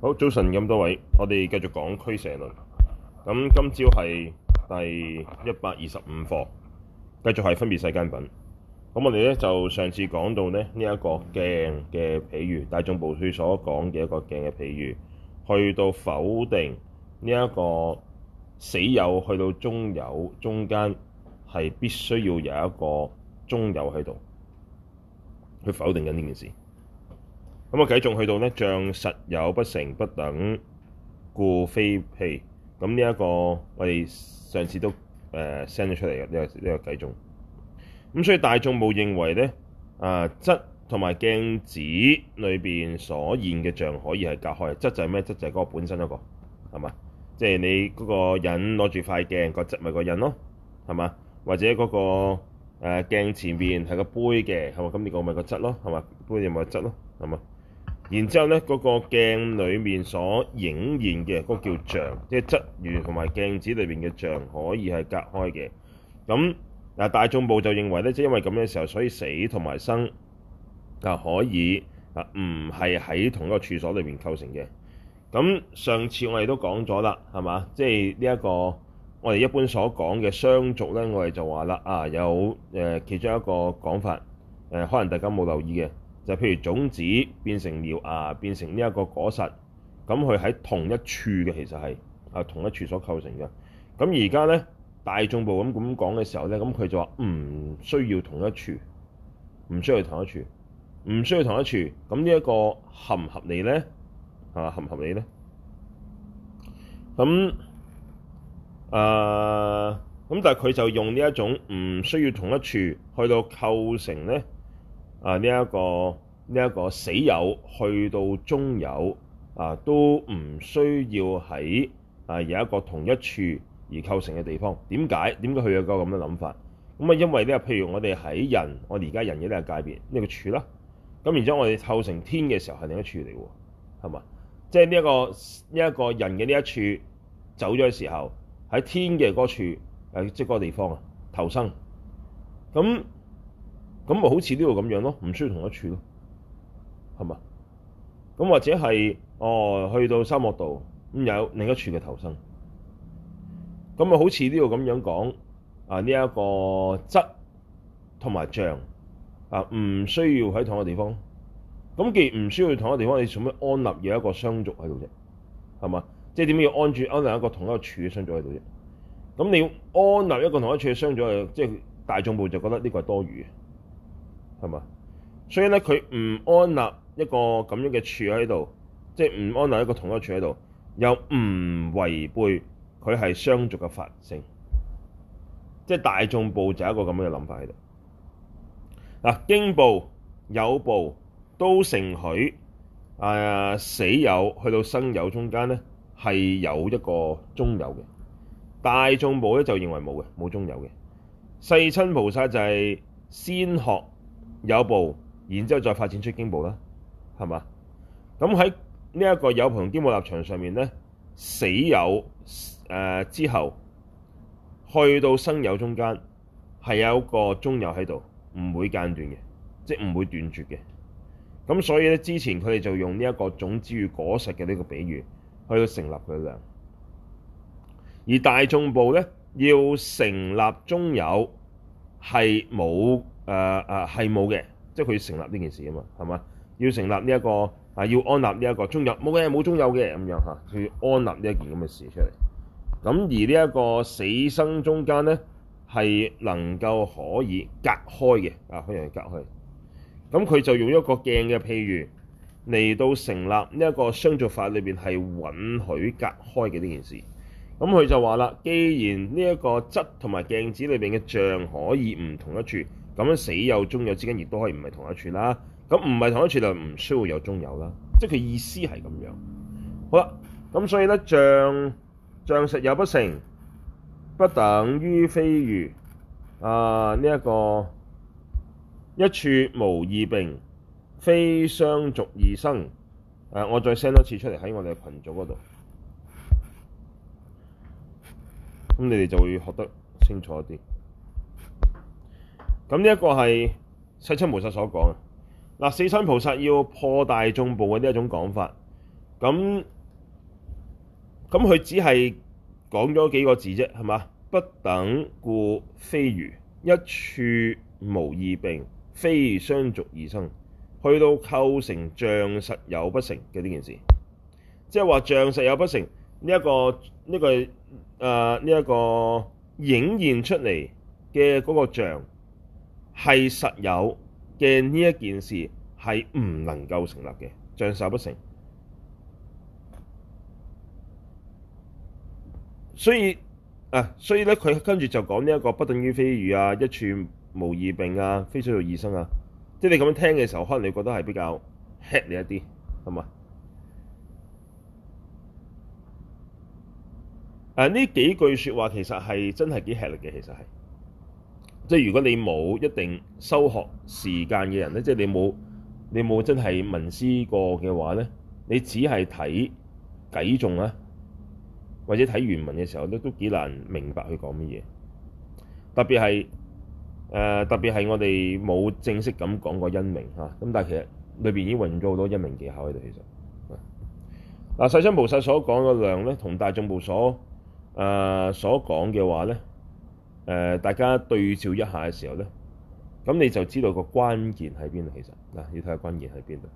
好早晨，咁多位，我哋繼續講俱舍論。咁今朝係第一百二十五課，繼續係分別世間品。咁我哋咧就上次講到咧呢一個鏡嘅譬喻，大眾部書所講嘅一個鏡嘅譬喻，去到否定呢一個死有，去到中有中間係必須要有一個中有喺度去否定緊呢件事。咁啊繼續去到咧，像實有不成，不等故非譬。咁呢一個我哋上次都誒 send 咗出嚟嘅呢個呢、這個計中。咁所以大眾部認為咧啊，質同埋鏡子裏邊所現嘅像可以係隔開。質就係咩？質就係嗰個本身嗰、那個，係嘛？即、就、係、是、你嗰個人攞住塊鏡，質個質咪個人咯，係嘛？或者嗰、那個誒、呃、鏡前面係個杯嘅，係嘛？咁你個咪個質咯，係嘛？杯又咪質咯，係嘛？然之後咧，嗰、那個鏡裡面所影現嘅嗰、那個叫像，即係質如同埋鏡子裏邊嘅像可以係隔開嘅。咁啊，那大眾部就認為咧，即係因為咁嘅時候，所以死同埋生就、啊、可以啊唔係喺同一個處所裏邊構成嘅。咁上次我哋都講咗啦，係嘛？即係呢一個我哋一般所講嘅相續咧，我哋就話啦啊，有誒、呃、其中一個講法誒、呃，可能大家冇留意嘅。就譬如種子變成苗芽，變成呢一個果實，咁佢喺同一處嘅，其實係啊同一處所構成嘅。咁而家咧，大眾部咁咁講嘅時候咧，咁佢就話唔需要同一處，唔需要同一處，唔需要同一處。咁呢一個合唔合理咧？啊，合唔合理咧？咁啊，咁、呃、但係佢就用呢一種唔需要同一處去到構成咧，啊！呢、這、一個呢一、這個死有去到中有啊，都唔需要喺啊有一個同一處而構成嘅地方。點解？點解佢有個咁嘅諗法？咁啊，因為個譬如我哋喺人，我哋而家人嘅呢個界別，呢、這個處啦。咁、啊、然之後，我哋構成天嘅時候係另一處嚟喎，係嘛？即係呢一個呢一、這個人嘅呢一處走咗嘅時候，喺天嘅嗰處，即係嗰個地方啊，投生。咁。咁咪好似呢度咁樣咯，唔需要同一處咯，係嘛？咁或者係哦，去到沙漠度咁有另一處嘅投生。咁咪好似呢度咁樣講啊？呢、這個啊、一個質同埋像啊，唔需要喺同一地方。咁既唔需要同一個地方，你做咩安立有一個相續喺度啫？係嘛？即係點解要安住要安立一個同一個處嘅相續喺度啫？咁你安立一個同一處嘅相續，即係大眾部就覺得呢個係多餘。係嘛，所以咧，佢唔安立一個咁樣嘅處喺度，即係唔安立一個同一處喺度，又唔違背佢係相續嘅法性，即、就、係、是、大眾部就有一個咁樣嘅諗法喺度。嗱、啊，經部、有部都承許誒死有去到生有中間咧係有一個中有嘅，大眾部咧就認為冇嘅，冇中有嘅。世親菩薩就係先學。有部，然之後再發展出經部啦，係嘛？咁喺呢一個有部同經部立場上面咧，死有，呃、之後去到生有中間，係有個中有喺度，唔會間斷嘅，即係唔會斷絕嘅。咁所以咧，之前佢哋就用呢一個種子與果實嘅呢個比喻去到成立佢量。而大眾部咧要成立中有，係冇。誒誒係冇嘅，即係佢要成立呢件事啊嘛，係嘛？要成立呢、這、一個啊，要安立呢、這、一個中有冇嘅冇中有嘅咁樣嚇，要安立一件咁嘅事出嚟。咁而呢一個死生中間咧係能夠可以隔開嘅啊，可以隔開。咁佢就用一個鏡嘅譬喻嚟到成立呢一個相續法裏邊係允許隔開嘅呢件事。咁佢就話啦，既然呢一個質同埋鏡子裏邊嘅像可以唔同一處。咁樣死有中有之間，亦都可以唔係同一處啦。咁唔係同一處就唔需要有中有啦。即係佢意思係咁樣。好啦，咁所以咧，像，像實有不成，不等故非譬啊。呢、這、一個一處無二並，非相續二生。誒、啊，我再 send 一次出嚟喺我哋羣組嗰度，咁你哋就會學得清楚一啲。咁呢一個係世親菩薩所講。嗱，世親菩薩要破大眾部嘅呢一種講法，咁咁佢只係講咗幾個字啫，係嘛？不等故非譬，一處無二並，非相續二生,去到構成像實有不成嘅呢件事，即係話像實有不成呢一、這個呢、這個誒呢一個影現出嚟嘅嗰個像。係實有嘅呢一件事係唔能夠成立嘅，像實不成。所以啊，所以咧，佢跟住就講呢一個不等故非譬啊，一處無二並啊，非相續二生啊。即係你咁樣聽嘅時候，可能你覺得係比較吃力你一啲，係嘛？誒、啊，呢幾句説話其實係真係幾吃力嘅，其實係。即係如果你冇一定修學時間嘅人咧，即係你冇你冇真係文思聞思過嘅話咧，你只係睇偈頌啊，或者睇原文嘅時候咧，都幾難明白佢講乜嘢。特別係誒、呃，特別係我哋冇正式咁講過因明嚇，咁但係其實裏邊已經運用咗好多因明技巧喺度。其實嗱，世親菩薩所講嘅量咧，同大眾部所誒、呃、所講嘅話咧。誒、呃，大家對照一下嘅時候咧，咁你就知道個關鍵喺邊啦。其實嗱，要睇下關鍵喺邊度。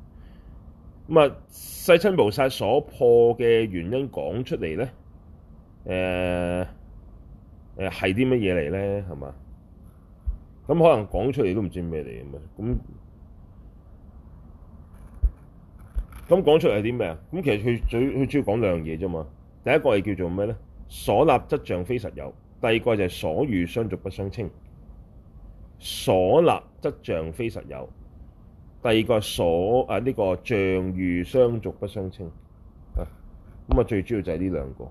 咁啊，世親菩薩所破嘅原因講出嚟咧，誒誒係啲乜嘢嚟咧？係、呃、嘛？咁可能講出嚟都唔知咩嚟咁。咁咁講出嚟係啲咩啊？咁其實佢最佢主要講兩樣嘢啫嘛。第一個係叫做咩咧？所立質像非實有。第二個就係像喻相續不相稱，所立質像非實有。第二個係所啊呢個像喻相續不相稱啊，咁、這、啊、個、最主要就係呢兩個。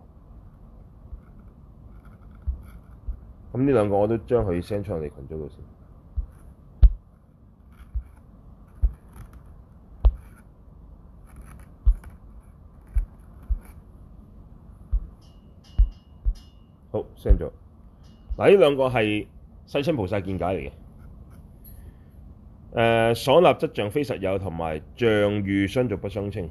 咁呢兩個我都將佢 send 出嚟群組度先。好，send 咗。嗱，呢、啊、兩個係世親菩薩見解嚟嘅。誒、呃，所立質像非實有，同埋像喻相續不相稱。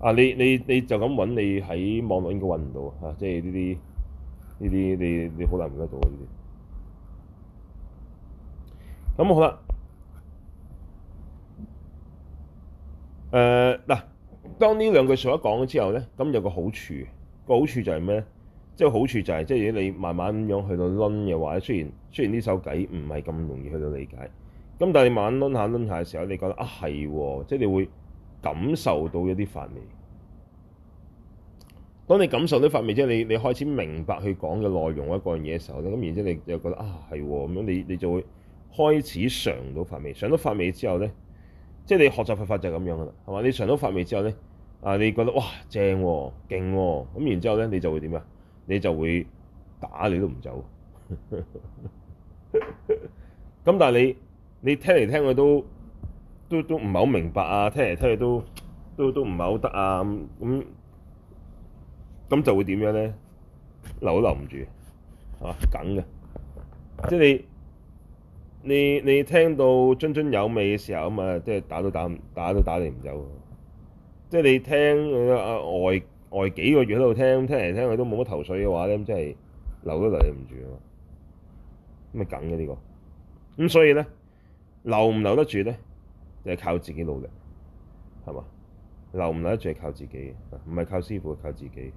啊，你你你就咁揾，你喺網絡應該揾唔到啊！即係呢啲呢啲，你你好難做得到呢啲。咁好啦。誒、呃，嗱、啊，當呢兩句所講咗之後咧，咁有個好處，個好處就係咩咧？即係好處就係、是，即係如果你慢慢咁樣去到攆嘅話咧，雖然雖然呢首偈唔係咁容易去到理解，咁但係你慢慢攆下攆下嘅時候，你覺得啊係，即係你會感受到一啲法味。當你感受到法味，即係你你開始明白佢講嘅內容或者嗰樣嘢嘅時候咧，咁然之後你就覺得啊係咁樣，你你就會開始嚐到法味。嚐到法味之後咧，即係你學習佛法就係咁樣噶啦，係嘛？你嚐到法味之後咧，啊，你覺得哇正勁、啊、咁、啊，然之後咧你就會點啊？你就會打你都唔走， 咁但係你你聽嚟聽去都都都唔係好明白啊，聽嚟聽去都都都唔係好得啊，咁咁咁就會點樣咧？留都留唔住，係嘛梗嘅，即係你你你聽到津津有味嘅時候吖嘛，即係打都打唔打都打你唔走，即係你聽啊外，外幾個月喺度聽，聽嚟聽去都冇乜頭緒嘅話咧，咁真係留都留唔住啊！咁咪梗嘅呢個。咁所以咧，留唔留得住咧，就係靠自己努力，係嘛？留唔留得住係靠自己，唔係靠師傅，靠自己。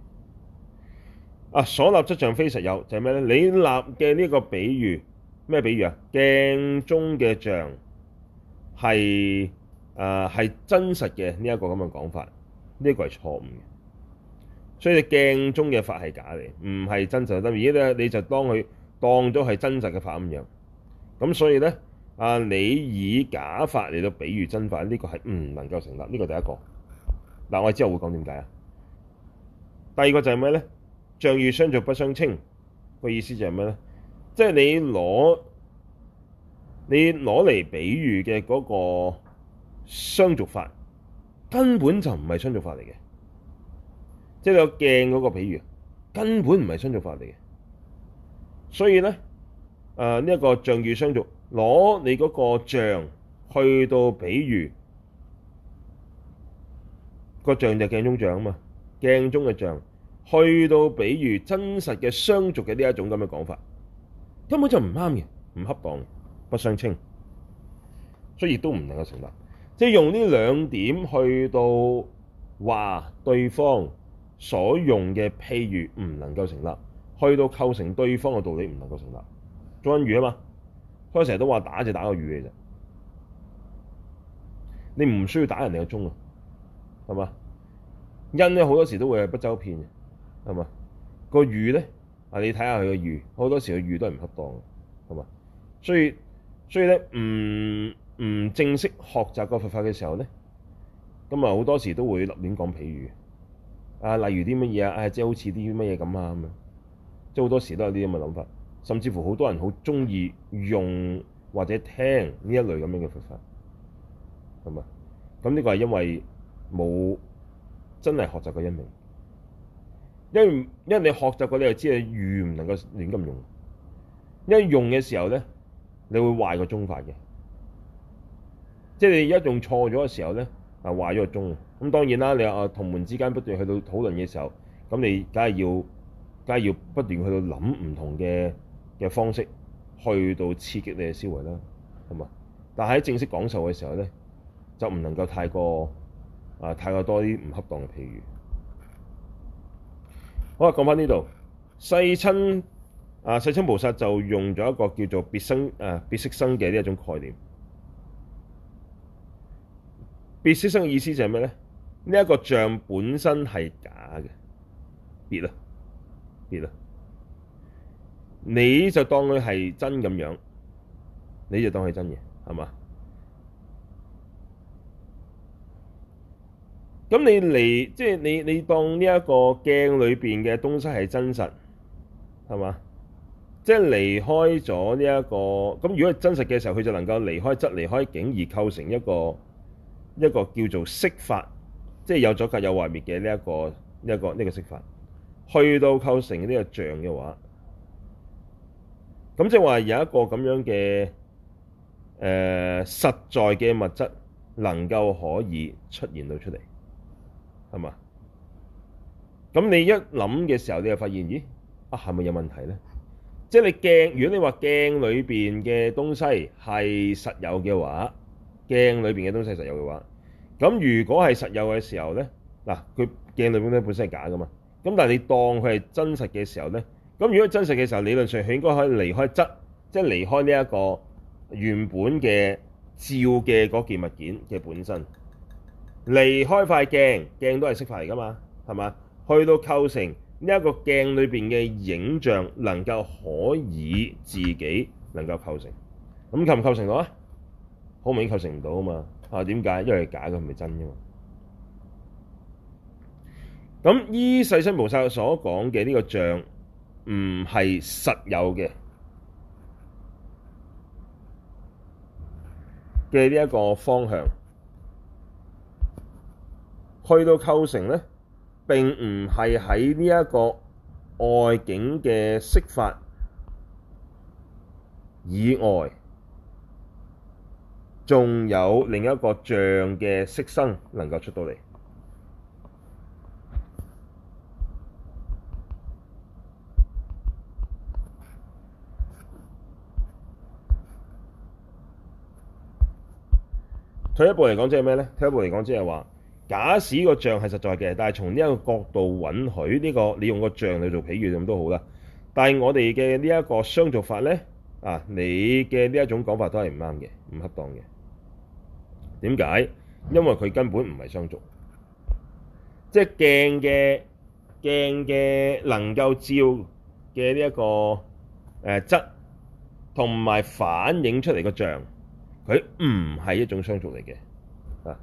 啊，所立質像非實有，就係咩咧？你立嘅呢個比喻，咩比喻啊？鏡中嘅像係誒係真實嘅呢一個咁嘅講法，呢一個係錯誤嘅。所以你鏡中嘅法係假嚟，唔係真實嘅。而家咧，你就當佢當咗係真實嘅法咁樣。咁所以咧，啊你以假法嚟到比喻真法，呢個係唔能夠成立。呢個第一個。嗱，我之後會講點解啊？第二個就係咩咧？像喻相續不相稱。個意思就係咩咧？即係你攞你攞嚟比喻嘅嗰個相續法，根本就唔係相續法嚟嘅。即係有鏡嗰個比喻，根本唔係相續法嚟嘅。所以咧，誒呢一個像與相續，攞你嗰個像去到比喻，個像就鏡中像啊嘛，鏡中嘅像去到比喻真實嘅相續嘅呢一種咁嘅講法，根本就唔啱嘅，唔恰當，不相稱，所以亦都唔能夠成立。即係用呢兩點去到話對方。所用嘅譬喻唔能夠成立，去到構成對方嘅道理唔能夠成立。宗因喻啊嘛，佢成日都話打就打個喻嚟嘅，你唔需要打人哋嘅宗啊，係嘛？因咧好多時都會係不周遍嘅，係嘛？個喻咧，你睇下佢嘅喻，好多時佢喻都係唔恰當嘅，係嘛？所以所以咧，唔唔正式學習個佛法嘅時候咧，咁啊好多時都會立亂講譬喻。啊，例如啲乜嘢啊？唉、哎，即係好似啲乜嘢咁啊咁啊！即係好多時都有啲咁嘅諗法，甚至乎好多人好中意用或者聽呢一類咁樣嘅佛法，係咪？咁呢個係因為冇真係學習過因明，因為因為你學習過，你就知啊，喻唔能夠亂咁用。因一用嘅時候咧，你會壞個宗法嘅，即係你一用錯咗嘅時候咧。啊，話咗個鐘，咁當然啦。你啊，同門之間不斷去到討論嘅時候，咁你梗係要，梗係要不斷去到諗唔同嘅嘅方式，去到刺激你嘅思維啦，係嘛？但係喺正式講授嘅時候咧，就唔能夠太過啊，太過多啲唔恰當嘅譬喻。好啊，講翻呢度，世親啊，世親菩薩就用咗一個叫做別生啊，別色生嘅呢一種概念。別色生嘅意思就係咩咧？呢、這、一個像本身係假嘅，別啦，別啦，你就當佢係真咁樣，你就當佢真嘅，係嘛？咁你離即係、就是、你你當呢一個鏡裏邊嘅東西係真實，係嘛？即、就、係、是、離開咗呢一個咁，如果係真實嘅時候，佢就能夠離開質離開鏡而構成一個。一個叫做色法，即係有阻隔有壞滅嘅呢一個呢一、這個呢、這個色法，去到構成呢個像嘅話，咁即係話有一個咁樣嘅誒、呃、實在嘅物質能夠可以出現到出嚟，係嘛？咁你一諗嘅時候，你就發現，咦啊係咪有問題咧？即係你鏡，如果你話鏡裏邊嘅東西係實有嘅話。鏡裏邊嘅東西係實有嘅話，咁如果係實有嘅時候咧，嗱，佢鏡裏邊咧本身係假噶嘛，咁但係你當佢係真實嘅時候咧，咁如果真實嘅時候，理論上佢應該可以離開質，即係離開呢一個原本嘅照嘅嗰件物件嘅本身，離開塊鏡，鏡都係色法嚟噶嘛，係嘛？去到構成呢一個鏡裏邊嘅影像，能夠可以自己能夠構成，咁構唔構成到啊？好明顯構成唔到啊嘛！啊點解？因為假嘅唔係真嘅嘛。咁依世親菩薩所講嘅呢個像，唔係實有嘅嘅呢一個方向，去到構成咧，並唔係喺呢一個外境嘅色法以外。仲有另一個像嘅色生能夠出到嚟。退一步嚟講，即係咩呢？退一步嚟講，即係話，假使這個像係實在嘅，但係從呢一個角度允許呢個你用這個像嚟做比喻咁都好啦。但係我哋嘅呢一個相續法呢，啊，你嘅呢一種講法都係唔啱嘅，唔恰當嘅。點解？因為佢根本唔係相續，即係鏡嘅鏡嘅能夠照嘅呢一個誒質，同埋反映出嚟個像，佢唔係一種相續嚟嘅啊！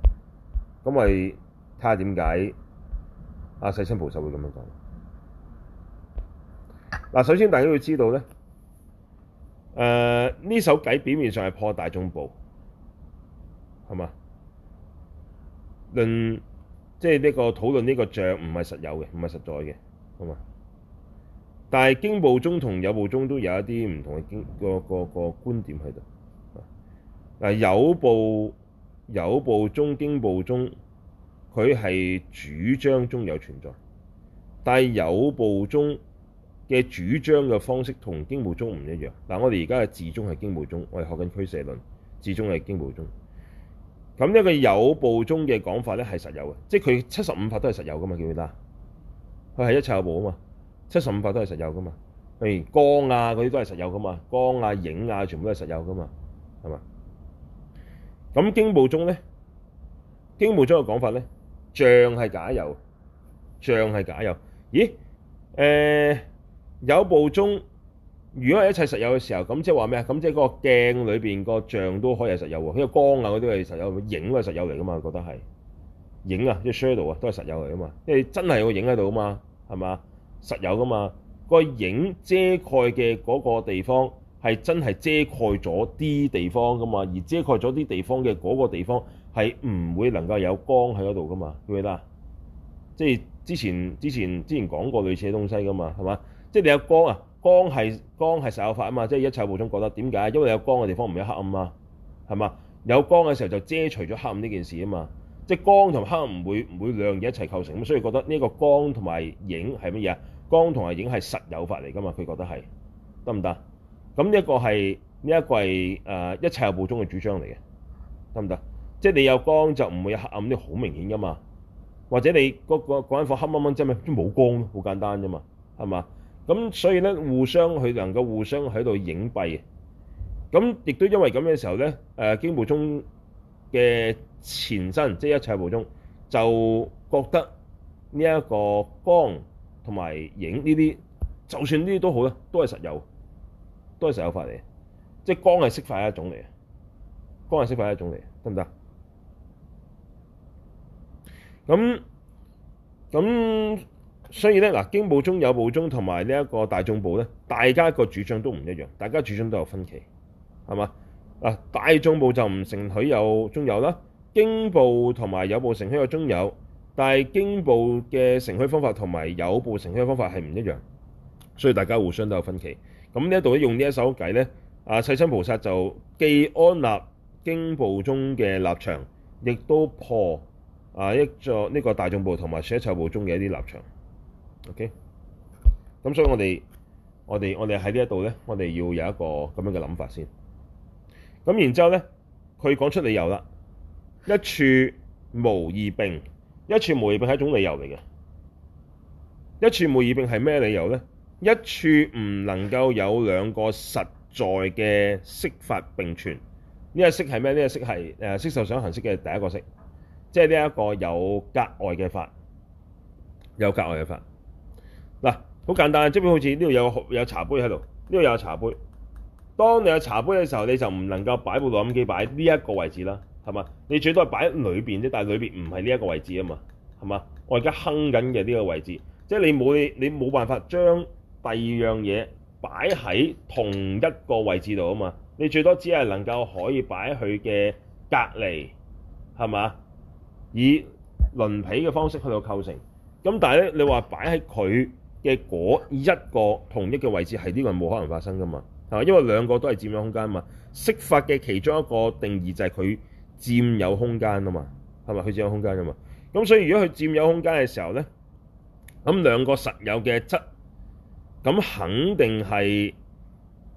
咁咪睇下點解阿世親菩薩會咁樣講？嗱，首先大家要知道咧，誒呢首偈表面上係破大眾部好嘛？論即係、這、呢個討論，呢個像唔係實有嘅，唔係實在嘅。好嘛？但係經部中同有部中都有一啲唔同嘅經個個個觀點喺度嗱。有部有部中經部中佢係主張中有存在，但係有部中嘅主張嘅方式同經部中唔一樣。嗱，我哋而家嘅自宗係經部中，我哋學緊俱舍論，自宗係經部中。咁呢個有部中嘅講法咧係實有嘅，即係佢七十五法都係實有噶嘛，記唔記得，佢係一切有部啊嘛，七十五法都係實有噶嘛，譬如光啊嗰啲都係實有噶嘛，光啊影啊全部都係實有噶嘛，係嘛？咁經部中咧，經部中嘅講法咧，像係假有，像係假有，咦？誒有部中。如果係一切實有嘅時候，咁即係話咩啊？咁即係嗰個鏡裏邊個像都可以係實有喎，佢個光啊嗰啲係實有，影都係實有嚟噶嘛？我覺得係影啊，即係 shadow 啊，都係實有嚟噶嘛？即係真係有個影喺度啊嘛，係嘛？實有噶嘛？個影遮蓋嘅嗰個地方係真係遮蓋咗啲地方噶嘛？而遮蓋咗啲地方嘅嗰個地方係唔會能夠有光喺嗰度噶嘛？記唔記得啊？即係之前之前之前講過類似嘅東西噶嘛，係嘛？即係你有光啊！光係，光係實有法啊嘛，即係一切有部中覺得點解？因為你有光嘅地方唔有黑暗啊，係嘛？有光嘅時候就遮除咗黑暗呢件事啊嘛，即係光同黑暗唔會唔會兩樣一齊構成，咁所以覺得呢一個光同埋影係乜嘢啊？光同埋影係實有法嚟噶嘛？佢覺得係得唔得？咁一個係呢一個係誒一切有部中嘅主張嚟嘅，得唔得？即係你有光就唔會有黑暗呢，好明顯噶嘛。或者你嗰嗰間房黑掹掹啫嘛，都冇光咯，好簡單啫嘛，係嘛？咁所以咧，互相佢能夠互相喺度影蔽。咁亦都因為咁嘅時候咧，誒、呃、經部宗嘅前身，即、就、係、是、一切部宗，就覺得呢一個光同埋影呢啲，就算呢啲都好啦，都係實有，都係實有法嚟，即、就、係、是、光係色法一種嚟嘅，光係色法一種嚟，得唔得？咁咁。所以咧嗱，經部中有部中，同埋呢一個大眾部咧，大家個主張都唔一樣，大家主張都有分歧，係嘛啊？大眾部就唔承許有中有啦，經部同埋有部承許有中有，但係經部嘅承許方法同埋有部承許嘅方法係唔一樣，所以大家互相都有分歧。咁呢一度咧，用呢一手計咧，啊，世親菩薩就既安納經部中嘅立場，亦都破啊一座呢個大眾部同埋舍臭部中嘅一啲立場。OK，咁所以我哋我哋我哋喺呢一度咧，我哋要有一個咁樣嘅諗法先。咁然之後咧，佢講出理由啦。一處無二並，一處無二並係一種理由嚟嘅。一處無二並係咩理由咧？一處唔能夠有兩個實在嘅色法並存。呢個色係咩？呢個色係誒色受想行識嘅第一個色，即係呢一個有隔礙嘅法，有隔礙嘅法。嗱，好簡單，即係好似呢度有有茶杯喺度，呢度有茶杯。當你有茶杯嘅時候，你就唔能夠擺部錄音機擺呢一個位置啦，係嘛？你最多係擺喺裏邊啫，但係裏邊唔係呢一個位置啊嘛，係嘛？我而家坑緊嘅呢個位置，即係你冇你冇辦法將第二樣嘢擺喺同一個位置度啊嘛。你最多只係能夠可以擺喺佢嘅隔離，係嘛？以輪皮嘅方式去到構成。咁但係咧，你話擺喺佢嘅一個同一嘅位置係呢個冇可能發生噶嘛，係嘛？因為兩個都係佔有空間啊嘛。色法嘅其中一個定義就係佢佔有空間啊嘛，係咪？佢佔有空間啊嘛。咁所以如果佢佔有空間嘅時候咧，咁兩個實有嘅質，咁肯定係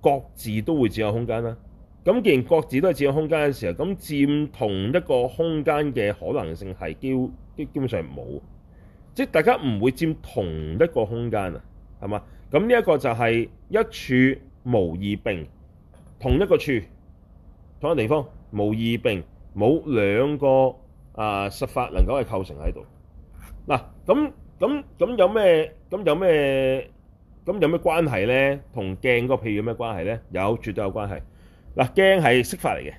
各自都會佔有空間啦。咁既然各自都係佔有空間嘅時候，咁佔同一個空間嘅可能性係幾乎基基本上冇。即係大家唔會佔同一個空間啊，係嘛？咁呢一個就係一處無二並，同一個處同一個地方無二並，冇兩個啊實法能夠係構成喺度。嗱，咁咁咁有咩咁有咩咁有咩關係咧？同鏡嗰個譬如有咩關係咧？有，絕對有關係。嗱，鏡係色法嚟嘅，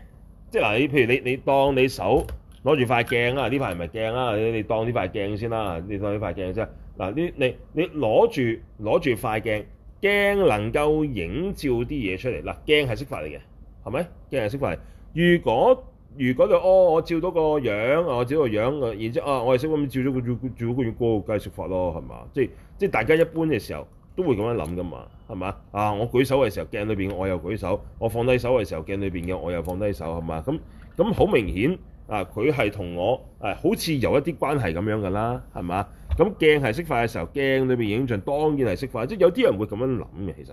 即係嗱，你譬如你你當你手。攞住塊鏡啊！呢塊唔係鏡啦，你當呢塊鏡先啦。你當呢塊鏡先。嗱，你你你攞住攞住塊鏡、啊，鏡能夠影照啲嘢出嚟。嗱，鏡係色法嚟嘅，係咪？鏡係色法嚟。如果如果就哦，我照到個樣，我照到個樣，然之後啊，我係識咁照咗個照照咗個月光，梗係色法咯，係嘛？即係即係大家一般嘅時候都會咁樣諗噶嘛，係嘛？啊，我舉手嘅時候鏡裏邊嘅我又舉手，我放低手嘅時候鏡裏邊嘅我又放低手，係嘛？咁咁好明顯。啊！佢係同我、啊、好似有一啲關係咁樣噶啦，係嘛？咁鏡係色法嘅時候，鏡裏面影像當然係色法，即係有啲人會咁樣諗嘅。其實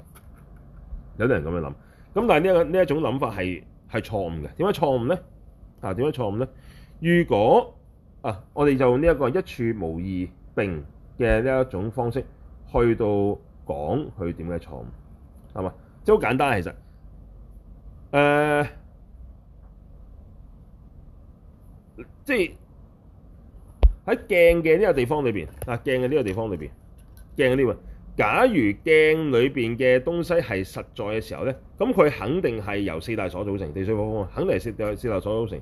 有啲人咁樣諗，咁但係呢一呢一種諗法係係錯誤嘅。點解錯誤咧？啊，點解錯誤咧？如果啊，我哋就用呢一、呢個一處無二並嘅呢一種方式去到講佢點解錯誤，係嘛？即係好簡單其實誒。呃即係喺鏡嘅呢個地方裏邊啊，鏡嘅呢個地方裏邊，鏡嘅呢度。假如鏡裏邊嘅東西係實在嘅時候咧，咁佢肯定係由四大所組成，地水火風肯定係四四大所組成。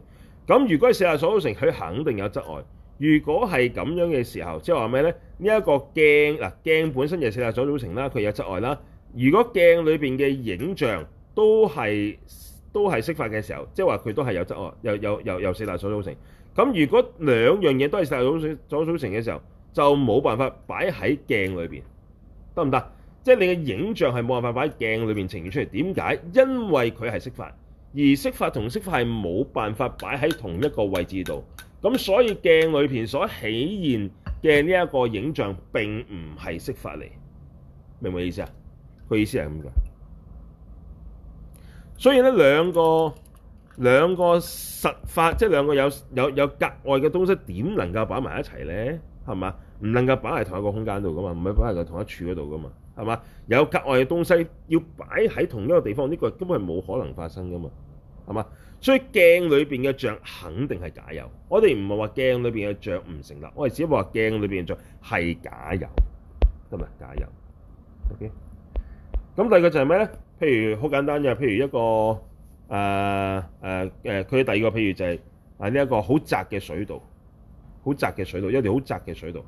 咁如果係四大所組成，佢肯定有質礙。如果係咁樣嘅時候，即係話咩咧？呢、這、一個鏡嗱，鏡本身就係四大所組成啦，佢有質礙啦。如果鏡裏邊嘅影像都係都係實法嘅時候，即係話佢都係有質礙，又又又由四大所組成。咁如果兩樣嘢都係所所所組成嘅時候，就冇辦法擺喺鏡裏面得唔得？即係、就是、你嘅影像係冇辦法擺喺鏡裏邊呈現出嚟。點解？因為佢係色法，而色法同色法係冇辦法擺喺同一個位置度。咁所以鏡裏面所起現嘅呢一個影像並唔係色法嚟，明唔明意思啊？佢意思係咁㗎。所以呢兩個。兩個實法，即係兩個有有有隔礙嘅東西，點能夠擺埋一齊咧？係嘛？唔能夠擺喺同一個空間度噶嘛？唔係擺喺同一處嗰度噶嘛？係嘛？有隔礙嘅東西要擺喺同一個地方，呢個根本係冇可能發生噶嘛？係嘛？所以鏡裏邊嘅像肯定係假有。我哋唔係話鏡裏邊嘅像唔成立，我哋只不過話鏡裏邊嘅像係假有，得咪？假有。O K。咁第二個就係咩咧？譬如好簡單嘅，譬如一個。誒誒誒，佢第二個譬如就係啊呢一個好窄嘅水道，好窄嘅水道，一條好窄嘅水道，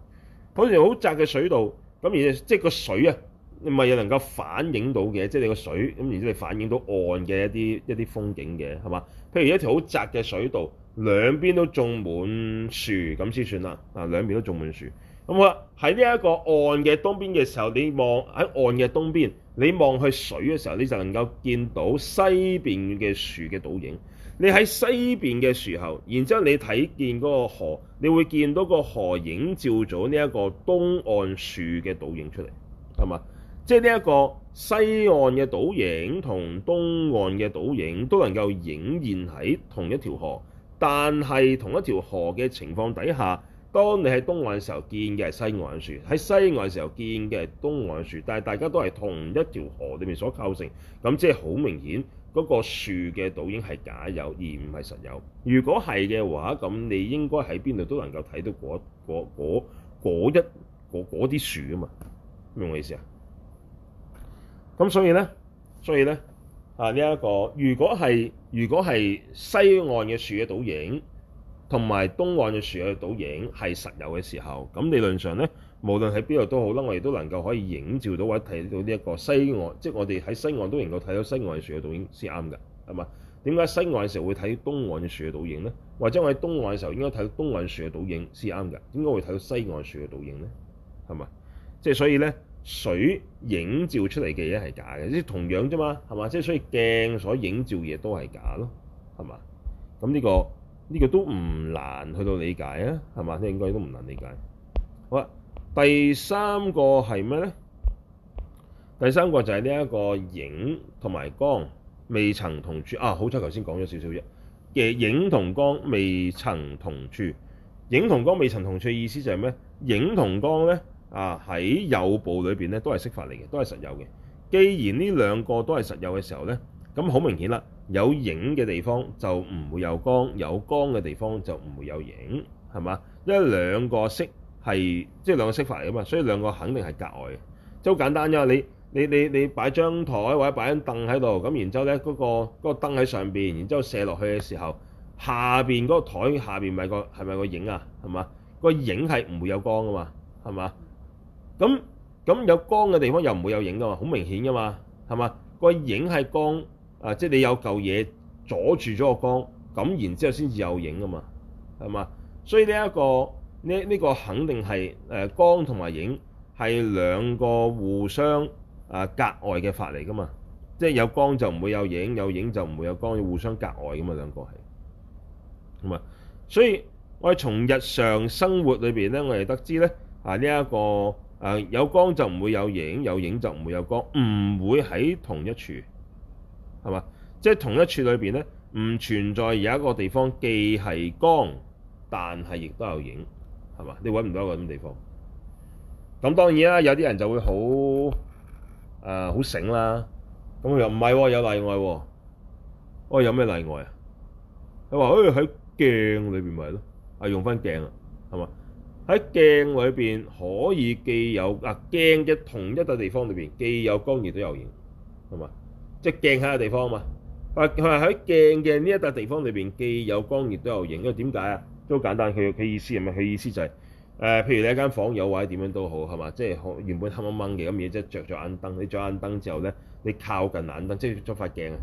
好似好窄嘅水道咁，而即係個水啊，唔係又能夠反映到嘅，即係你個水咁，而即係反映到岸嘅一啲一啲風景嘅，係嘛？譬如一條好窄嘅水道，兩邊都種滿樹咁先算啦。啊，兩邊都種滿樹咁啊，喺呢一個岸嘅東邊嘅時候，你望喺岸嘅東邊。你望去水嘅時候，你就能夠見到西邊嘅樹嘅倒影。你喺西邊嘅時候，然之後你睇見嗰個河，你會見到個河影照咗呢一個東岸樹嘅倒影出嚟，係嘛？即係呢一個西岸嘅倒影同東岸嘅倒影都能夠影現喺同一條河，但係同一條河嘅情況底下。當你喺東岸嘅時候見嘅係西岸嘅樹，喺西岸嘅時候見嘅係東岸嘅樹，但係大家都係同一條河裡面所構成，咁即係好明顯嗰個樹嘅倒影係假有而唔係實有。如果係嘅話，咁你應該喺邊度都能夠睇到嗰一啲樹啊嘛？明我意思啊？咁所以呢，所以呢，啊呢一個，如果係如果係西岸嘅樹嘅倒影。同埋東岸嘅樹嘅倒影係實有嘅時候，咁理論上咧，無論喺邊度都好啦，我哋都能夠可以影照到或者睇到呢一個西岸，即係我哋喺西岸都能夠睇到西岸嘅樹嘅倒影先啱㗎，係嘛？點解西岸嘅時候會睇東岸嘅樹嘅倒影咧？或者我喺東岸嘅時候應該睇到東岸樹嘅倒影先啱㗎？點解會睇到西岸樹嘅倒影咧？係嘛？即係所以咧，水影照出嚟嘅嘢係假嘅，即係同樣啫嘛，係嘛？即係所以鏡所影照嘢都係假咯，係嘛？咁呢個。呢個都唔難去到理解啊，係嘛？應該都唔難理解。好啦，第三個係咩咧？第三個就係呢一個影同埋光未曾同處啊！好彩頭先講咗少少啫。嘅影同光未曾同處，影同光未曾同處嘅意思就係咩？影同光咧啊，喺有部裏邊咧都係色法嚟嘅，都係實有嘅。既然呢兩個都係實有嘅時候咧，咁好明顯啦。有影嘅地方就唔會有光，有光嘅地方就唔會有影，係嘛？因為兩個色係即係兩個色法嚟噶嘛，所以兩個肯定係隔外嘅，即係好簡單啫，你你你你擺張台或者擺張凳喺度，咁然之後咧嗰個嗰個燈喺上邊，然之後射落去嘅時候，下邊嗰個台下邊咪個係咪個影啊？係嘛？個影係唔會有光噶嘛，係嘛？咁咁有光嘅地方又唔會有影噶嘛，好明顯噶嘛，係嘛？個影係光。啊！即係你有嚿嘢阻住咗個光，咁然之後先至有影噶嘛，係嘛？所以呢、這、一個呢呢、這個肯定係誒、呃、光同埋影係兩個互相啊隔、呃、礙嘅法嚟噶嘛，即係有光就唔會有影，有影就唔會有光，要互相隔礙噶嘛兩個係，咁啊！所以我哋從日常生活裏邊咧，我哋得知咧啊呢一、這個誒、呃、有光就唔會有影，有影就唔會有光，唔會喺同一處。係嘛？即係同一處裏邊咧，唔存在有一個地方既係光，但係亦都有影，係嘛？你搵唔到一個咁嘅地方。咁當然啦，有啲人就會好誒，好醒啦。咁又唔係，有例外、啊。我、哎、有咩例外啊？佢話：，誒、欸，喺鏡裏邊咪咯，用翻鏡啊，係嘛？喺鏡裏邊可以既有啊，鏡嘅同一笪地方裏邊既有光亦都有影，係嘛？隻鏡喺個地方啊嘛，話佢話喺鏡嘅呢一笪地方裏邊既有光亦都有影，因為點解啊？都好簡單，佢佢意思係咪？佢意思就係、是、誒、呃，譬如你一間房有位點樣都好，係嘛，即係原本黑掹掹嘅，咁然之後着咗眼燈，你着眼燈之後咧，你靠近眼燈，即係將塊鏡啊，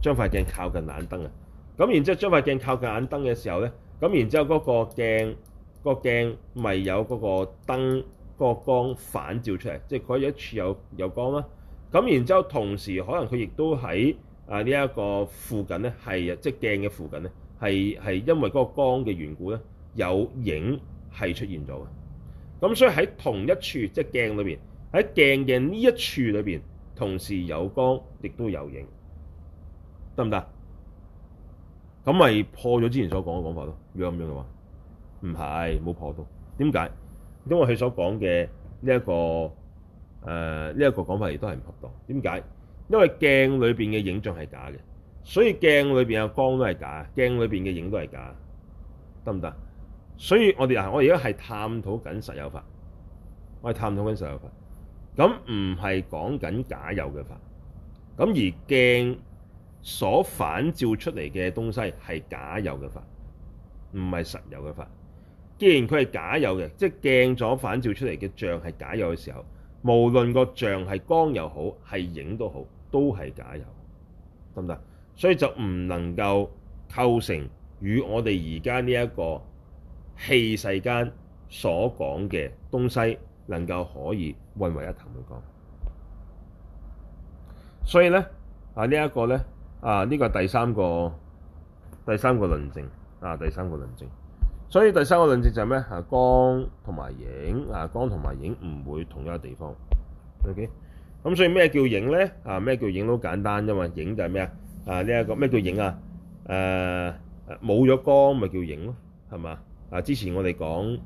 將塊鏡靠近眼燈啊，咁然之後將塊鏡靠近眼燈嘅時候咧，咁然之後嗰個鏡、個鏡咪有嗰個燈、個光反照出嚟，即係佢一處有有光啦。咁然之後，同時可能佢亦都喺啊呢一個附近咧，係即鏡嘅附近咧，係係因為嗰個光嘅緣故咧，有影係出現咗嘅。咁所以喺同一處，即鏡裏面，喺鏡嘅呢一處裏面，同時有光亦都有影，得唔得？咁咪破咗之前所講嘅講法咯。如果咁樣嘅話，唔係冇破到。點解？因為佢所講嘅呢一個。誒，呢一個講法亦都係唔恰當，點解？因為鏡裏邊嘅影像係假嘅，所以鏡裏邊嘅光都係假，鏡裏邊嘅影都係假，得唔得？所以我哋啊，我而家係探討緊實有法，我係探討緊實有法，咁唔係講緊假有嘅法，咁而鏡所反照出嚟嘅東西係假有嘅法，唔係實有嘅法。既然佢係假有嘅，即係鏡所反照出嚟嘅像係假有嘅時候。無論個像係光又好，係影都好，都係假有，得唔得？所以就唔能夠構成與我哋而家呢一個器世間所講嘅東西能夠可以混為一談去講。所以咧啊，這個、呢一個咧啊，呢、這個第三個第三個論證啊，第三個論證。所以第三個論證就係咩？啊光同埋影，啊光同埋影唔會同一個地方，OK？咁所以咩叫影咧？啊咩叫影都簡單啫嘛。影就係咩啊？啊呢一個咩叫影啊？誒冇咗光咪叫影咯，係嘛？啊之前我哋講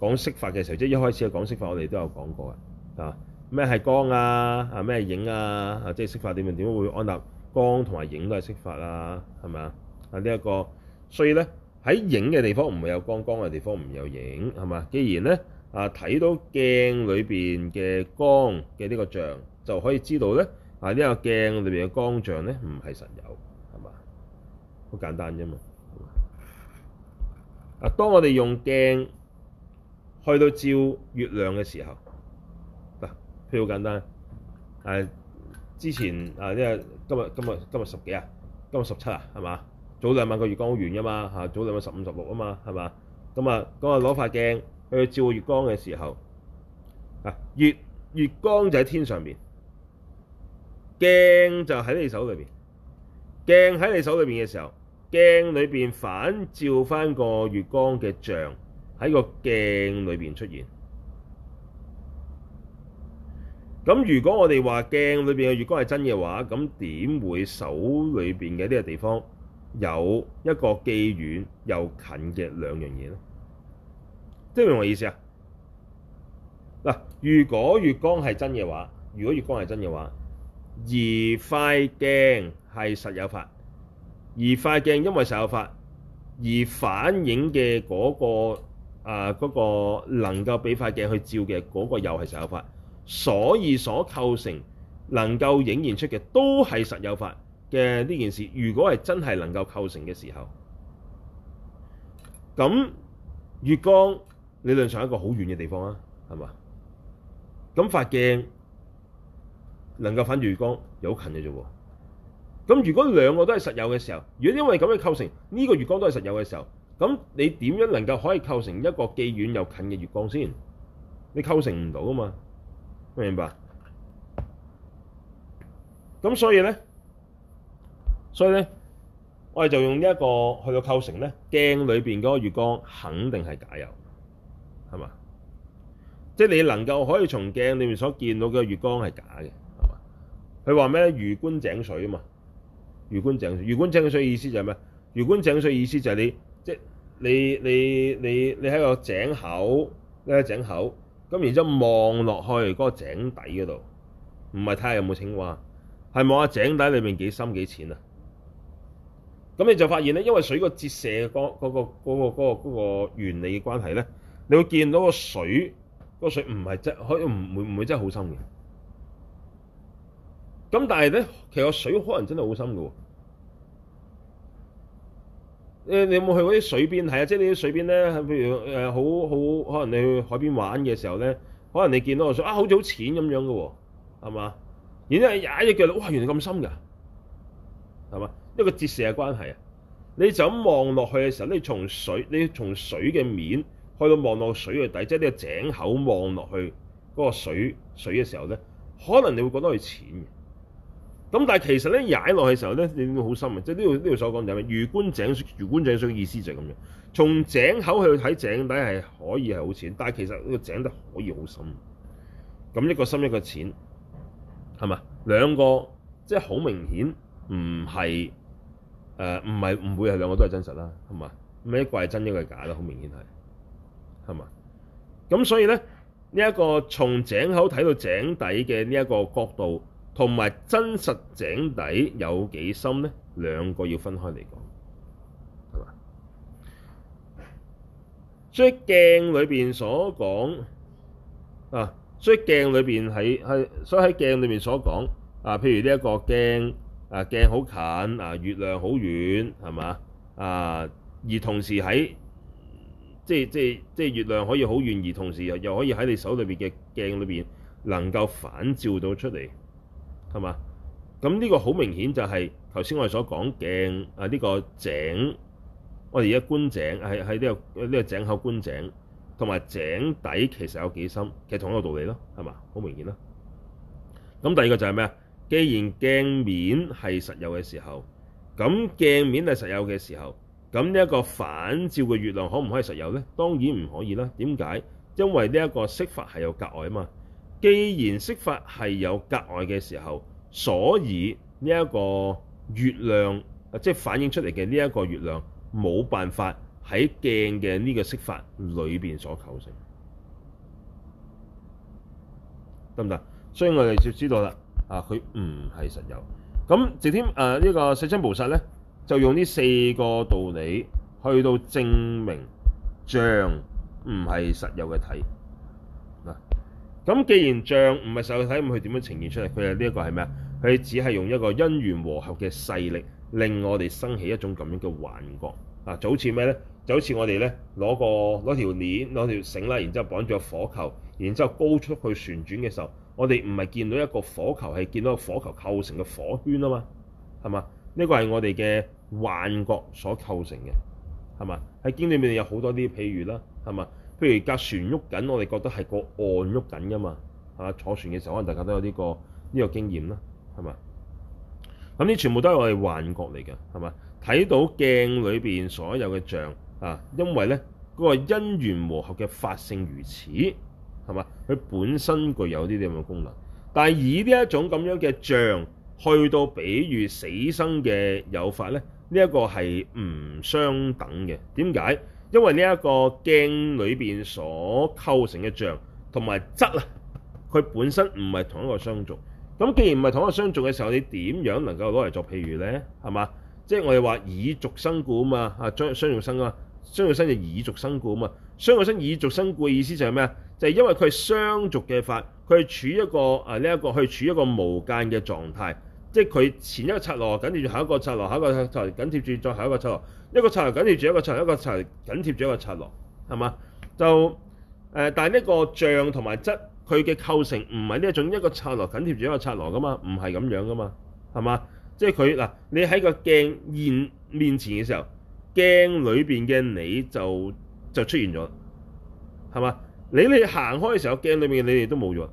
講色法嘅時候，即係一開始嘅講色法，我哋都有講過嘅，係嘛？咩係光啊？啊咩影啊？啊即係色法點樣點樣會安立光同埋影都係色法啊？係咪啊？啊呢一個，所以咧。喺影嘅地方唔會有光，光嘅地方唔有影，係嘛？既然咧，啊睇到鏡裏邊嘅光嘅呢個像，就可以知道咧，啊呢、呢個鏡裏邊嘅光像咧唔係實有，係嘛？好簡單啫嘛、啊。啊，當我哋用鏡去到照月亮嘅時候，嗱、啊，譬如好簡單，誒、啊、之前啊，即係今日今日今日十幾啊，今日十七啊，係嘛？早兩晚個月光好遠啊嘛嚇，早兩晚十五十六啊嘛，係嘛咁啊？嗰個攞塊鏡去照月光嘅時候啊，月月光就喺天上邊，鏡就喺你手裏邊。鏡喺你手裏邊嘅時候，鏡裏邊反照翻個月光嘅像喺個鏡裏邊出現。咁如果我哋話鏡裏邊嘅月光係真嘅話，咁點會手裏邊嘅呢個地方？有一個既遠又近嘅兩樣嘢咯，即係明我意思啊嗱？如果月光係真嘅話，如果月光係真嘅話，而塊鏡係實有法，而塊鏡因為實有法，而反映嘅嗰個誒、啊嗰個，能夠俾塊鏡去照嘅嗰個又係實有法，所以所構成能夠影現出嘅都係實有法。嘅呢件事，如果係真係能夠構成嘅時候，咁月光理論上一個好遠嘅地方啊，係嘛？咁發鏡能夠反住月光，又好近嘅啫喎。咁如果兩個都係實有嘅時候，如果因為咁樣構成，呢個月光都係實有嘅時候，咁你點樣能夠可以構成一個既遠又近嘅月光先？你構成唔到啊嘛，明白？咁所以咧。所以咧，我哋就用呢一個去到構成咧鏡裏面嗰個月光，肯定係假有，係嘛？即係你能夠可以從鏡裏面所見到嘅月光係假嘅，係嘛？佢話咩？魚觀井水啊嘛，魚觀井水，魚觀井水意思就係咩？魚觀井水意思就係你，即係你你你你喺個井口咧，井口咁，然之後望落去嗰個井底嗰度，唔係睇下有冇青蛙，係望下井底裏面幾深幾淺啊？咁你就發現咧，因為水、嗰個折射嗰個、嗰個嗰個嗰個嗰個原理嘅關係咧，你會見到水、個水，個水唔係真，可唔會唔真係好深嘅。咁但係咧，其實水可能真係好深㗎喎，你有冇去嗰啲水邊？係啊，即係啲水邊咧，譬如誒好好，可能你去海邊玩嘅時候咧，可能你見到個水啊，好似好淺咁樣嘅喎，係嘛？然之後踩隻腳，哇！原來咁深㗎，係嘛？一個折射嘅關係啊！你就咁望落去嘅時候，你從水，你從水嘅面去到望落水嘅底，即係呢個井口望落去嗰個水水嘅時候咧，可能你會覺得佢淺嘅。咁但係其實咧，踩落去嘅時候咧，你會好深。即係呢度呢度所講就係咩？如觀井水，如觀井水嘅意思就係咁樣。從井口去睇井底係可以係好淺，但係其實呢個井得可以好深。咁一個深一個淺，係咪兩個即係好明顯唔係？誒，唔係，唔會係兩個都係真實啦，係嘛？咁一個係真，一個係假啦，好明顯係，係嘛？咁所以咧，呢一個從井口睇到井底嘅呢一個角度，同埋真實井底有幾深咧？兩個要分開嚟講，係嘛？所以鏡裏邊所講啊，所以鏡裏邊喺喺，所以喺鏡裏面所講啊，譬如呢一個鏡。啊，鏡好近啊，月亮好遠，係嘛？啊，而同時喺，即係即係即係月亮可以好遠，而同時又又可以喺你手裏邊嘅鏡裏邊能夠反照到出嚟，係嘛？咁呢個好明顯就係頭先我哋所講鏡啊呢個井我哋而家觀井係喺呢個呢個井口觀井同埋井底其實有幾深，其實同一個道理咯，係嘛？好明顯咯。咁第二個就係咩啊？既然鏡面係實有嘅時候，咁鏡面係實有嘅時候，咁呢一個反照嘅月亮可唔可以實有呢？當然唔可以啦。點解？因為呢一個色法係有隔礙啊嘛。既然色法係有隔礙嘅時候，所以呢一個月亮即係反映出嚟嘅呢一個月亮，冇、就是、辦法喺鏡嘅呢個色法裏邊所構成，得唔得？所以我哋就知道啦。啊！佢唔係實有，咁直添。誒，呢個世親菩薩咧，就用呢四個道理去到證明像唔係實有嘅體嗱。咁、啊、既然像唔係實有體，咁佢點樣呈現出嚟？佢係呢一個係咩啊？佢只係用一個因緣和合嘅勢力，令我哋生起一種咁樣嘅幻覺啊早次什麼呢！就好似咩咧？就好似我哋咧攞個攞條鏈攞條繩啦，然之後綁住個火球，然之後高速去旋轉嘅時候。我哋唔係見到一個火球，係見到個火球構成嘅火圈啊嘛，係嘛？呢個係我哋嘅幻覺所構成嘅，係嘛？喺經裏面有好多啲譬如啦，係嘛？譬如架船喐緊，我哋覺得係個岸喐緊噶嘛，係嘛？坐船嘅時候，可能大家都有呢個呢個經驗啦，係嘛？咁呢全部都係我哋幻覺嚟嘅，係嘛？睇到鏡裏面所有嘅像啊，因為咧個因緣和合嘅法性如此。係嘛？佢本身具有呢啲咁嘅功能，但係以呢一種咁樣嘅像去到比喻死生嘅有法咧，呢、這、一個係唔相等嘅。點解？因為呢一個鏡裏邊所構成嘅像同埋質啊，佢本身唔係同一個相續。咁既然唔係同一個相續嘅時候，你點樣能夠攞嚟作譬如咧？係、就是、嘛？即係我哋話以俗生故啊嘛，啊相相續生啊嘛，相續生就以俗生故啊嘛。相續生以俗生故嘅意思就係咩啊？就係、是、因為佢相續嘅法，佢處處一個啊呢一、這個，處一個無間嘅狀態，即係佢前一個擦落緊貼住下一個擦落，下一個擦落緊貼住再下一個擦落，一個擦落緊貼住一個擦落，一個擦落緊貼住一個擦落，係、呃、嘛？就但係呢個像同埋質佢嘅構成唔係呢一種一個擦落緊貼住一個擦落噶嘛，唔係咁樣噶嘛，係、就、嘛、是？即係佢嗱，你喺個鏡面面前嘅時候，鏡裏面嘅你就就出現咗，係嘛？你你行開嘅時候，鏡裏邊你哋都冇咗，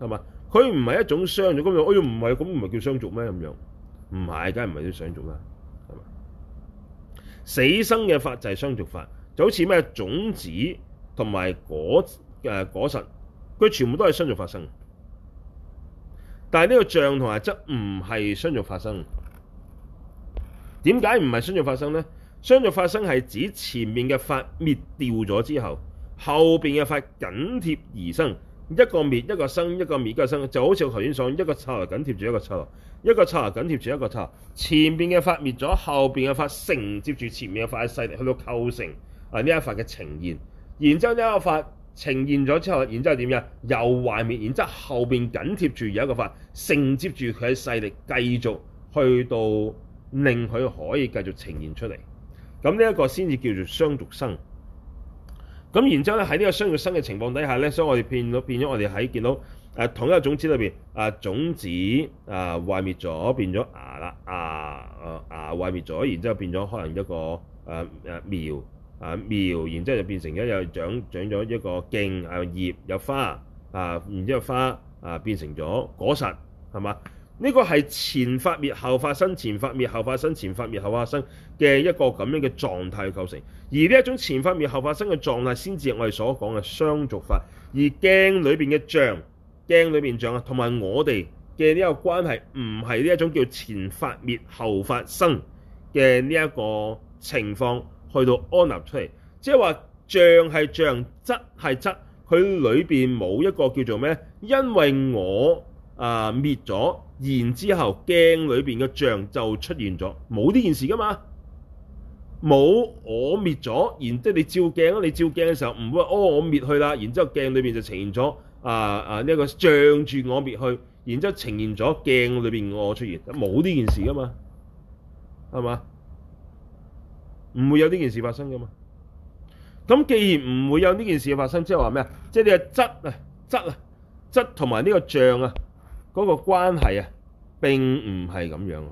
係嘛？佢唔係一種相續咁樣，哎呀，唔係咁唔係叫相續咩咁樣？唔係，梗係唔係啲相續啦，係嘛？死生嘅法就係相續法，就好似咩種子同埋果，誒果實，佢全部都係相續發生。但係呢個像同埋質唔係相續發生，點解唔係相續發生咧？相續發生係指前面嘅法滅掉咗之後。後邊嘅法緊貼而生，一個滅一個生，一個滅，一個，一，個滅一個生，就好似我頭先所講，一個巢嚟緊貼住一個巢，一個巢嚟緊貼住一個巢。前邊嘅法滅咗，後邊嘅法承接住前面嘅法嘅勢力，去到構成啊呢一法嘅呈現。然之後呢一法呈現咗之後，然之後點樣又壞滅，然之後後邊緊貼住有一個法承接住佢嘅勢力，繼續去到令佢可以繼續呈現出嚟。咁呢一個先至叫做雙續生。咁然之後咧，喺呢個商業生嘅情況底下咧，所以我哋變咗變咗，我哋喺見到誒同一個種子裏邊，啊種子啊壞滅咗，變咗芽啦啊啊壞滅咗，然之後變咗可能一個誒誒苗啊苗，然之後就變成咗又長長咗一個莖啊葉有花啊，然之後花啊、呃呃、變成咗果實係嘛？呢個係前法滅後法生，前法滅後法生，前法滅後法生嘅一個咁樣嘅狀態構成。而呢一種前法滅後法生嘅狀態，先至係我哋所講嘅雙續法相續法。而鏡裏邊嘅像，鏡裏邊像啊，同埋我哋嘅呢個關係，唔係呢一種叫前法滅後法生嘅呢一個情況去到安立出嚟。即係話像係像，質係質，佢裏邊冇一個叫做咩？因為我。啊！滅咗，然之後鏡裏邊嘅像就出現咗，冇呢件事噶嘛？冇我滅咗，然即係你照鏡咯，你照鏡嘅時候唔會哦，我滅去啦，然之後鏡裏邊就呈現咗啊啊呢個像住我滅去，然之後呈現咗鏡裏邊我出現，冇呢件事噶嘛？係嘛？唔會有呢件事發生噶嘛？咁既然唔會有呢件事發生，即係話咩啊？即係你嘅質啊、質啊、質同埋呢個像啊。嗰、那個關係啊，並唔係咁樣，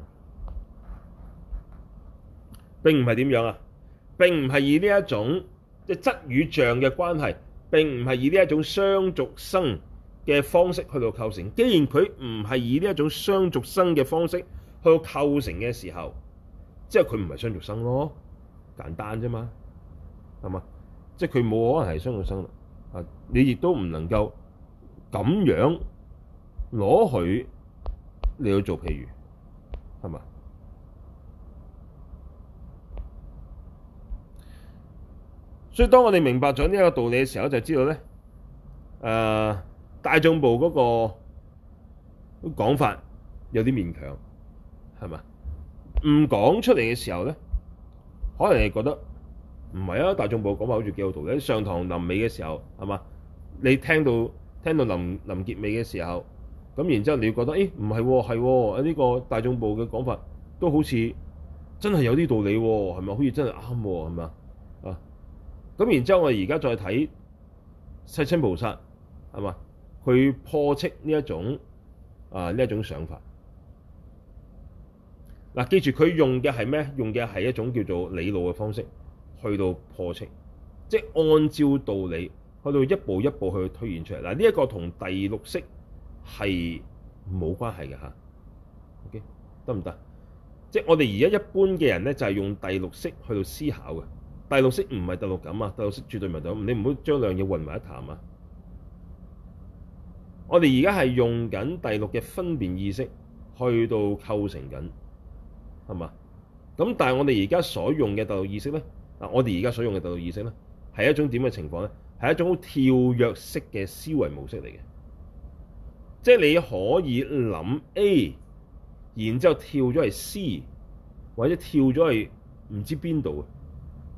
並唔係點樣啊？並唔係、啊、以呢一種即質與像嘅關係，並唔係以呢一種相續生嘅方式去到構成。既然佢唔係以呢一種相續生嘅方式去到構成嘅時候，即係佢唔係相續生咯，簡單啫嘛，係嘛？即係佢冇可能係相續生啦。啊，你亦都唔能夠咁樣。攞佢你要做，譬如係嘛。所以當我哋明白咗呢一個道理嘅時候，就知道咧，誒、呃，大眾部嗰個講法有啲勉強，係嘛？唔講出嚟嘅時候咧，可能你覺得唔係啊！大眾部講法好似幾好道理。上堂臨尾嘅時候，係嘛？你聽到聽到臨臨結尾嘅時候。咁然之後，你會覺得咦，唔係係呢個大眾部嘅講法都好似真係有啲道理，哦，係咪？好似真係啱，哦，係咪啊？咁然之後我，我哋而家再睇世親菩薩係嘛，去破斥呢一種啊呢一種想法嗱，啊。記住佢用嘅係咩？用嘅係一種叫做理路嘅方式去到破斥，即係按照道理去到一步一步去推演出嚟嗱。呢、這，一個同第六式。係冇關係嘅嚇，OK 得唔得？即係我哋而家一般嘅人咧，就係用第六識去到思考嘅。第六識唔係第六感啊，第六識絕對唔係第六感。你唔好將兩嘢混埋一談啊！我哋而家係用緊第六嘅分辨意識去到構成緊，係嘛？咁但係我哋而家所用嘅第六意識咧，嗱我哋而家所用嘅第六意識咧，係一種點嘅情況咧？係一種好跳躍式嘅思維模式嚟嘅。即係你可以諗 A，然之後跳咗去 C，或者跳咗去唔知邊度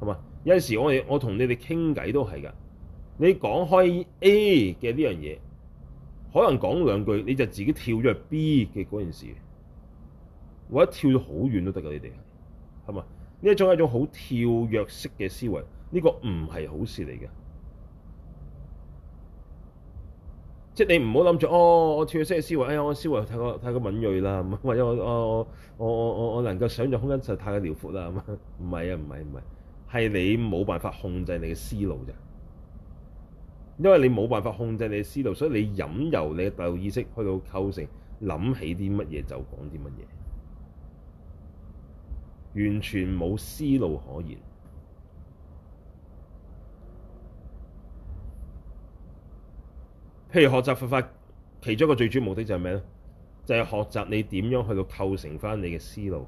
係嘛？有陣時我哋我同你哋傾偈都係㗎，你講開 A 嘅呢樣嘢，可能講兩句你就自己跳咗去 B 嘅嗰件事，或者跳咗好遠都得㗎，你哋係嘛？呢一種係一種好跳躍式嘅思維，呢個唔係好事嚟嘅。即係你唔好諗住哦，我 creative 思維，哎呀，我思維太過太過敏鋭啦，或者我我我我我我能夠想像空間實太過遼闊啦，唔係啊，唔係唔係，係、啊、你冇辦法控制你嘅思路啫，因為你冇辦法控制你嘅思路，所以你任由你嘅大腦意識去到構成，諗起啲乜嘢就講啲乜嘢，完全冇思路可言。譬如學習佛法，其中一個最主要的目的就係咩咧？就係、是、學習你點樣去到構成翻你嘅思路，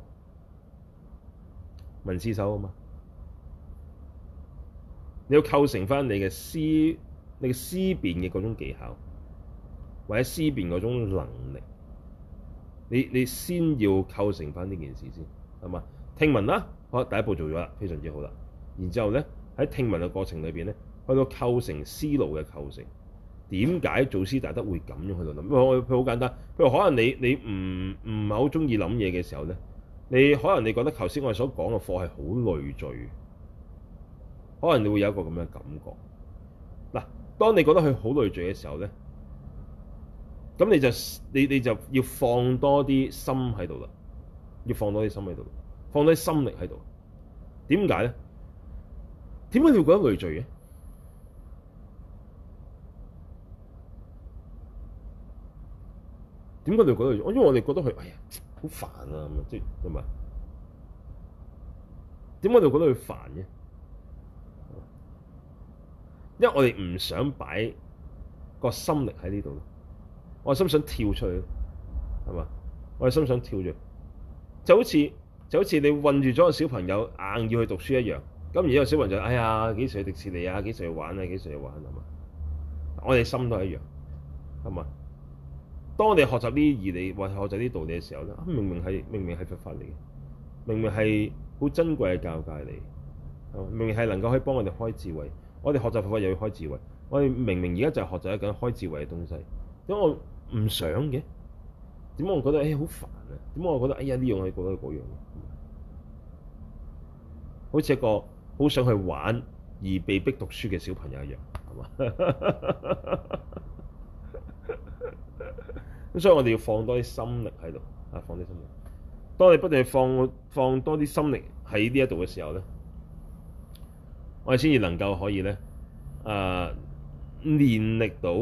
聞思修啊嘛！你要構成翻你嘅思，你嘅思辨嘅嗰種技巧，或者思辨嗰種能力，你你先要構成翻呢件事先，係嘛？聽聞啦，好，第一步做咗啦，非常之好啦。然之後咧，喺聽聞嘅過程裏邊咧，去到構成思路嘅構成。點解做祖師大德會咁樣去度諗？佢好簡單，譬如可能你你唔唔係好中意諗嘢嘅時候咧，你可能你覺得頭先我哋所講嘅課係好累贅，可能你會有一個咁嘅感覺。嗱，當你覺得佢好累贅嘅時候咧，咁你就你你就要放多啲心喺度啦，要放多啲心喺度，放多啲心力喺度。點解咧？點解你要覺得累贅嘅？點解我哋覺得？我因為我哋覺得佢，哎呀好煩啊咁啊，即係同埋點解我哋覺得佢煩嘅？因為我哋唔想擺個心力喺呢度，我哋心想跳出去，係嘛？我哋心想跳出去，就好似就好似你困住咗個小朋友硬要去讀書一樣。咁而家個小朋友哎呀，幾時去迪士尼啊？幾時去玩啊？幾時去玩啊？嘛，我哋心都係一樣，係嘛？當我哋學習呢啲義理或者學習呢啲道理嘅時候咧，明明係明明係佛法嚟嘅，明明係好珍貴嘅教界嚟，明明係能夠可以幫我哋開智慧。我哋學習佛法又要開智慧，我哋明明而家就係學習緊開智慧嘅東西。點解我唔想嘅，點解我覺得唉好、哎、煩啊？點解我覺得哎呀呢樣可以覺得係嗰樣？好似一個好想去玩而被逼讀書嘅小朋友一樣，係嘛？ 所以我哋要放多啲心力喺度，啊，放啲心力。當你不斷放放多啲心力喺呢一度嘅時候咧，我哋先至能夠可以咧，誒、呃，念力到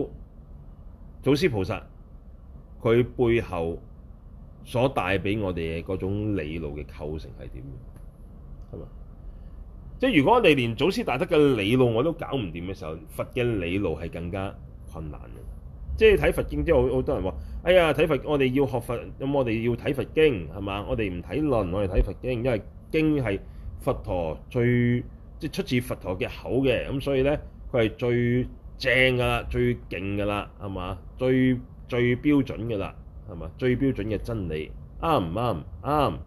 祖師菩薩佢背後所帶俾我哋嘅嗰種理路嘅構成係點樣？係嘛？即係如果我哋連祖師大德嘅理路我都搞唔掂嘅時候，佛嘅理路係更加困難嘅。即係睇佛經之後，即係好好多人話。哎呀，睇佛，我哋要學佛，咁我哋要睇佛經，係嘛？我哋唔睇論，我哋睇佛經，因為經係佛陀最即係出自佛陀嘅口嘅，咁所以咧，佢係最正㗎啦，最勁㗎啦，係嘛？最最標準㗎啦，係嘛？最標準嘅真理，啱唔啱？啱、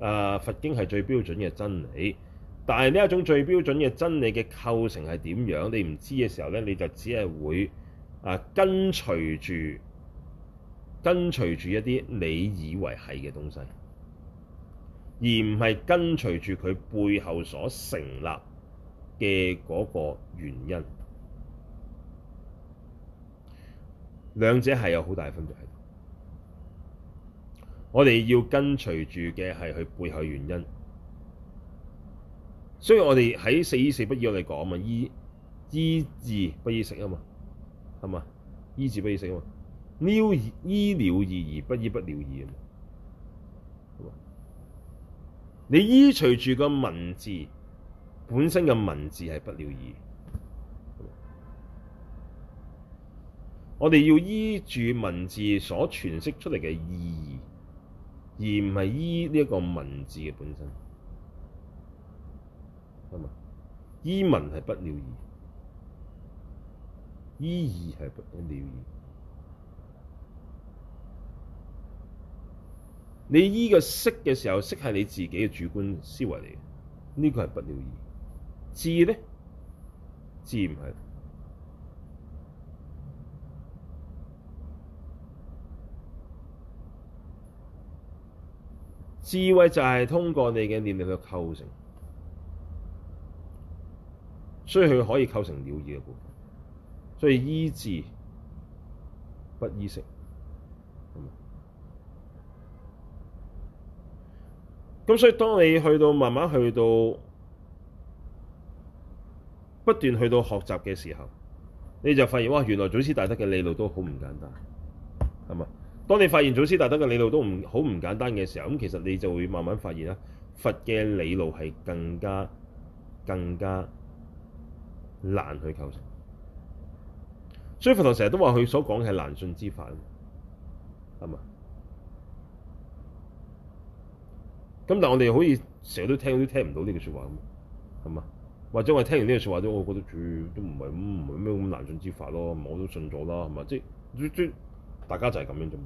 呃。佛經係最標準嘅真理，但係呢一種最標準嘅真理嘅構成係點樣？你唔知嘅時候咧，你就只係會啊跟隨住。跟隨住一啲你以為係嘅東西，而唔係跟隨住佢背後所成立嘅嗰個原因，兩者係有好大嘅分別。喺度我哋要跟隨住嘅係佢背後原因。所以我哋喺四依四不依我哋講啊，依依智不依識啊嘛，係嘛？依智不依識啊嘛。「撩”、「依了義」了義而不依不了義」。你依隨住個文字本身嘅文字係不了義」。我哋要依住文字所詮釋出嚟嘅意義，而唔係依呢一個文字嘅本身。依文係不了義」，「依義係不了義」。你依這個識嘅時候，識係你自己嘅主觀思維嚟，呢個係不了義。智呢，智唔係。智慧就係通過你嘅念力去構成，所以佢可以構成了義嘅部分。所以依智不依識。咁所以當你去到慢慢去到不斷去到學習嘅時候，你就發現，哇，原來祖師大德嘅理路都好唔簡單，係嘛？當你發現祖師大德嘅理路都唔好唔簡單嘅時候，咁其實你就會慢慢發現啦，佛嘅理路係更加更加難去構成。所以佛陀成日都話佢所講嘅係難信之法，係嘛？咁但係我哋好似成日都聽都聽唔到呢句說話咁，係嘛？或者我聽完呢句說話都我覺得都唔係唔係咩咁難信之法咯，我都信咗啦，係嘛？即即大家就係咁樣做。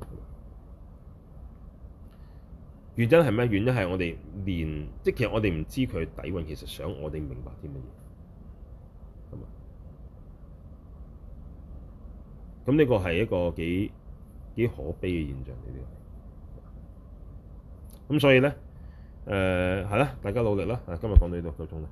原因係咩？原因係我哋連即其實我哋唔知佢底蘊其實想我哋明白啲乜嘢，咁咁呢個係一個幾幾可悲嘅現象嚟啲，咁所以咧。誒、呃，好啦，大家努力啦！今日講到呢度，夠鍾啦。